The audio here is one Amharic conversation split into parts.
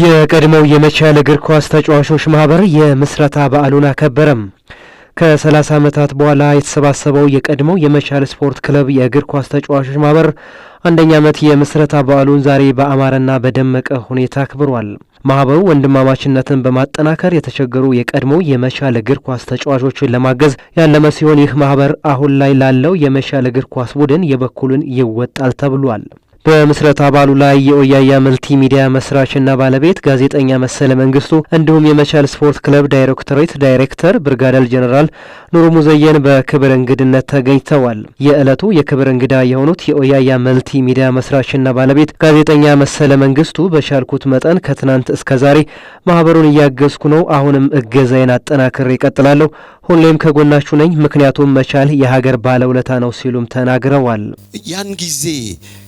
የቀድሞው የመቻል እግር ኳስ ተጫዋቾች ማህበር የምስረታ በዓሉን አከበረም። ከ30 ዓመታት በኋላ የተሰባሰበው የቀድሞው የመቻል ስፖርት ክለብ የእግር ኳስ ተጫዋቾች ማህበር አንደኛ ዓመት የምስረታ በዓሉን ዛሬ በአማረና በደመቀ ሁኔታ አክብሯል። ማህበሩ ወንድማማችነትን በማጠናከር የተቸገሩ የቀድሞ የመቻል እግር ኳስ ተጫዋቾችን ለማገዝ ያለመ ሲሆን ይህ ማህበር አሁን ላይ ላለው የመቻል እግር ኳስ ቡድን የበኩሉን ይወጣል ተብሏል። በምስረት አባሉ ላይ የኦያያ መልቲ ሚዲያ መስራችና ባለቤት ጋዜጠኛ መሰለ መንግስቱ እንዲሁም የመቻል ስፖርት ክለብ ዳይሬክቶሬት ዳይሬክተር ብርጋዳል ጀኔራል ኑሩ ሙዘየን በክብር እንግድነት ተገኝተዋል። የዕለቱ የክብር እንግዳ የሆኑት የኦያያ መልቲ ሚዲያ መስራችና ባለቤት ጋዜጠኛ መሰለ መንግስቱ በቻልኩት መጠን ከትናንት እስከ ዛሬ ማህበሩን እያገዝኩ ነው፣ አሁንም እገዛዬን አጠናክሬ እቀጥላለሁ ሁሌም ከጎናችሁ ነኝ፣ ምክንያቱም መቻል የሀገር ባለውለታ ነው ሲሉም ተናግረዋል። ያን ጊዜ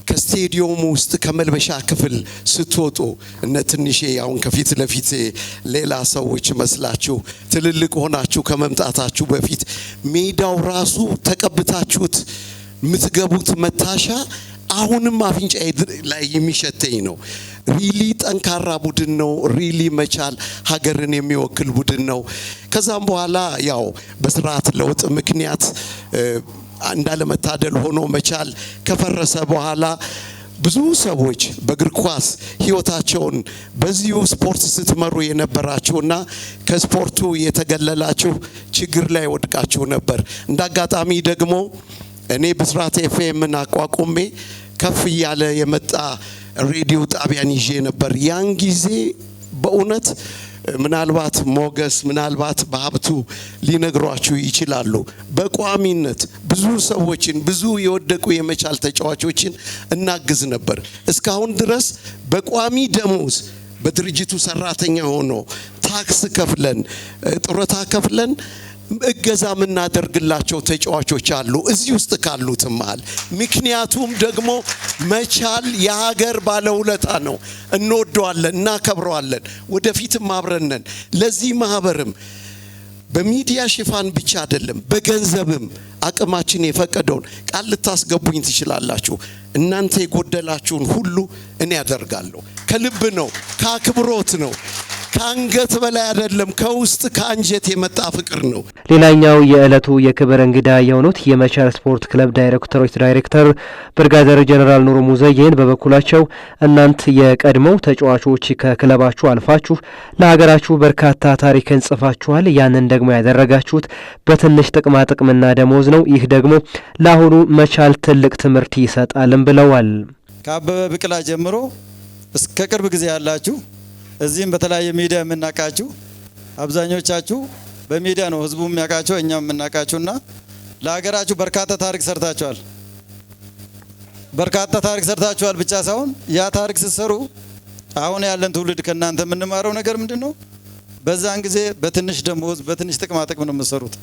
ከስቴዲየሙ ውስጥ ከመልበሻ ክፍል ስትወጡ እነ ትንሼ አሁን ከፊት ለፊት ሌላ ሰዎች መስላችሁ ትልልቅ ሆናችሁ ከመምጣታችሁ በፊት ሜዳው ራሱ ተቀብታችሁት የምትገቡት መታሻ አሁንም አፍንጫ ላይ የሚሸተኝ ነው። ሪሊ ጠንካራ ቡድን ነው። ሪሊ መቻል ሀገርን የሚወክል ቡድን ነው። ከዛም በኋላ ያው በስርዓት ለውጥ ምክንያት እንዳለመታደል ሆኖ መቻል ከፈረሰ በኋላ ብዙ ሰዎች በእግር ኳስ ህይወታቸውን በዚሁ ስፖርት ስትመሩ የነበራችሁና ከስፖርቱ የተገለላችሁ ችግር ላይ ወድቃችሁ ነበር። እንደ አጋጣሚ ደግሞ እኔ ብስራት ኤፍኤምን አቋቁሜ ከፍ እያለ የመጣ ሬዲዮ ጣቢያን ይዤ ነበር። ያን ጊዜ በእውነት ምናልባት ሞገስ ምናልባት በሀብቱ ሊነግሯችሁ ይችላሉ። በቋሚነት ብዙ ሰዎችን ብዙ የወደቁ የመቻል ተጫዋቾችን እናግዝ ነበር። እስካሁን ድረስ በቋሚ ደሞዝ በድርጅቱ ሰራተኛ ሆኖ ታክስ ከፍለን ጡረታ ከፍለን እገዛ የምናደርግላቸው ተጫዋቾች አሉ እዚህ ውስጥ ካሉት መሃል። ምክንያቱም ደግሞ መቻል የሀገር ባለውለታ ነው። እንወደዋለን፣ እናከብረዋለን፣ ወደፊትም አብረነን ለዚህ ማህበርም በሚዲያ ሽፋን ብቻ አይደለም፣ በገንዘብም አቅማችን የፈቀደውን ቃል ልታስገቡኝ ትችላላችሁ። እናንተ የጎደላችሁን ሁሉ እኔ ያደርጋለሁ። ከልብ ነው፣ ከአክብሮት ነው። ከአንገት በላይ አይደለም፣ ከውስጥ ከአንጀት የመጣ ፍቅር ነው። ሌላኛው የዕለቱ የክብር እንግዳ የሆኑት የመቻል ስፖርት ክለብ ዳይሬክተሮች ዳይሬክተር ብርጋዴር ጀኔራል ኑሩ ሙዘይን በበኩላቸው እናንት የቀድሞው ተጫዋቾች ከክለባችሁ አልፋችሁ ለሀገራችሁ በርካታ ታሪክን ጽፋችኋል። ያንን ደግሞ ያደረጋችሁት በትንሽ ጥቅማ ጥቅምና ደሞዝ ነው። ይህ ደግሞ ለአሁኑ መቻል ትልቅ ትምህርት ይሰጣልም ብለዋል። ከአበበ ብቅላ ጀምሮ እስከ ቅርብ ጊዜ ያላችሁ እዚህም በተለያየ ሚዲያ የምናውቃችሁ አብዛኞቻችሁ በሚዲያ ነው ህዝቡ የሚያውቃቸው እኛም የምናውቃችሁና ለሀገራችሁ በርካታ ታሪክ ሰርታችኋል። በርካታ ታሪክ ሰርታችኋል ብቻ ሳይሆን ያ ታሪክ ስትሰሩ አሁን ያለን ትውልድ ከእናንተ የምንማረው ነገር ምንድን ነው? በዛን ጊዜ በትንሽ ደሞዝ በትንሽ ጥቅማ ጥቅም ነው የምትሰሩት።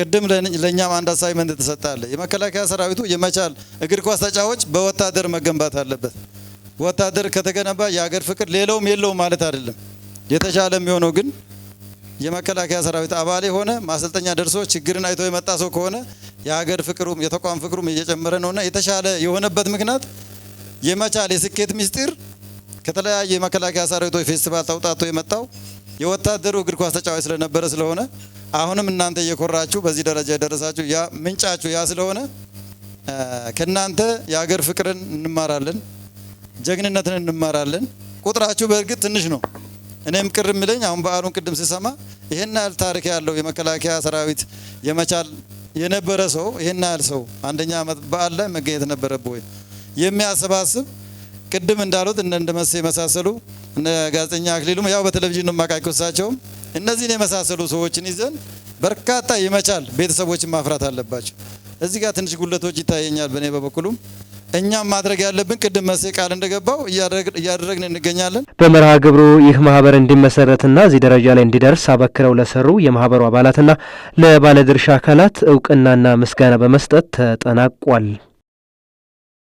ቅድም ለእኛም አንድ አሳይመንት ተሰጣለ። የመከላከያ ሰራዊቱ የመቻል እግር ኳስ ተጫዋች በወታደር መገንባት አለበት። ወታደር ከተገነባ የሀገር ፍቅር ሌላውም የለውም ማለት አይደለም። የተሻለ የሚሆነው ግን የመከላከያ ሰራዊት አባል የሆነ ማሰልጠኛ ደርሶ ችግርን አይቶ የመጣ ሰው ከሆነ የሀገር ፍቅሩም የተቋም ፍቅሩም እየጨመረ ነውና የተሻለ የሆነበት ምክንያት የመቻል የስኬት ሚስጢር ከተለያዩ የመከላከያ ሰራዊቶች ፌስቲቫል ተውጣቶ የመጣው የወታደሩ እግር ኳስ ተጫዋች ስለነበረ ስለሆነ አሁንም እናንተ እየኮራችሁ በዚህ ደረጃ የደረሳችሁ ያ ምንጫችሁ ያ ስለሆነ ከእናንተ የሀገር ፍቅርን እንማራለን። ጀግንነትን እንማራለን። ቁጥራችሁ በእርግጥ ትንሽ ነው። እኔም ቅር የሚለኝ አሁን በዓሉን ቅድም ስሰማ ይህን ያህል ታሪክ ያለው የመከላከያ ሰራዊት የመቻል የነበረ ሰው ይህን ያህል ሰው አንደኛ ዓመት በዓል ላይ መገኘት ነበረብህ ወይ የሚያሰባስብ ቅድም እንዳሉት እነ እንደመሴ የመሳሰሉ እነ ጋዜጠኛ አክሊሉም ያው በቴሌቪዥን ነው ውሳቸውም እነዚህን የመሳሰሉ ሰዎችን ይዘን በርካታ የመቻል ቤተሰቦችን ማፍራት አለባቸው። እዚህ ጋር ትንሽ ጉለቶች ይታየኛል በእኔ በበኩሉም እኛም ማድረግ ያለብን ቅድም መሴ ቃል እንደገባው እያደረግን እንገኛለን። በመርሃ ግብሩ ይህ ማህበር እንዲመሰረትና እዚህ ደረጃ ላይ እንዲደርስ አበክረው ለሰሩ የማህበሩ አባላትና ለባለድርሻ አካላት እውቅናና ምስጋና በመስጠት ተጠናቋል።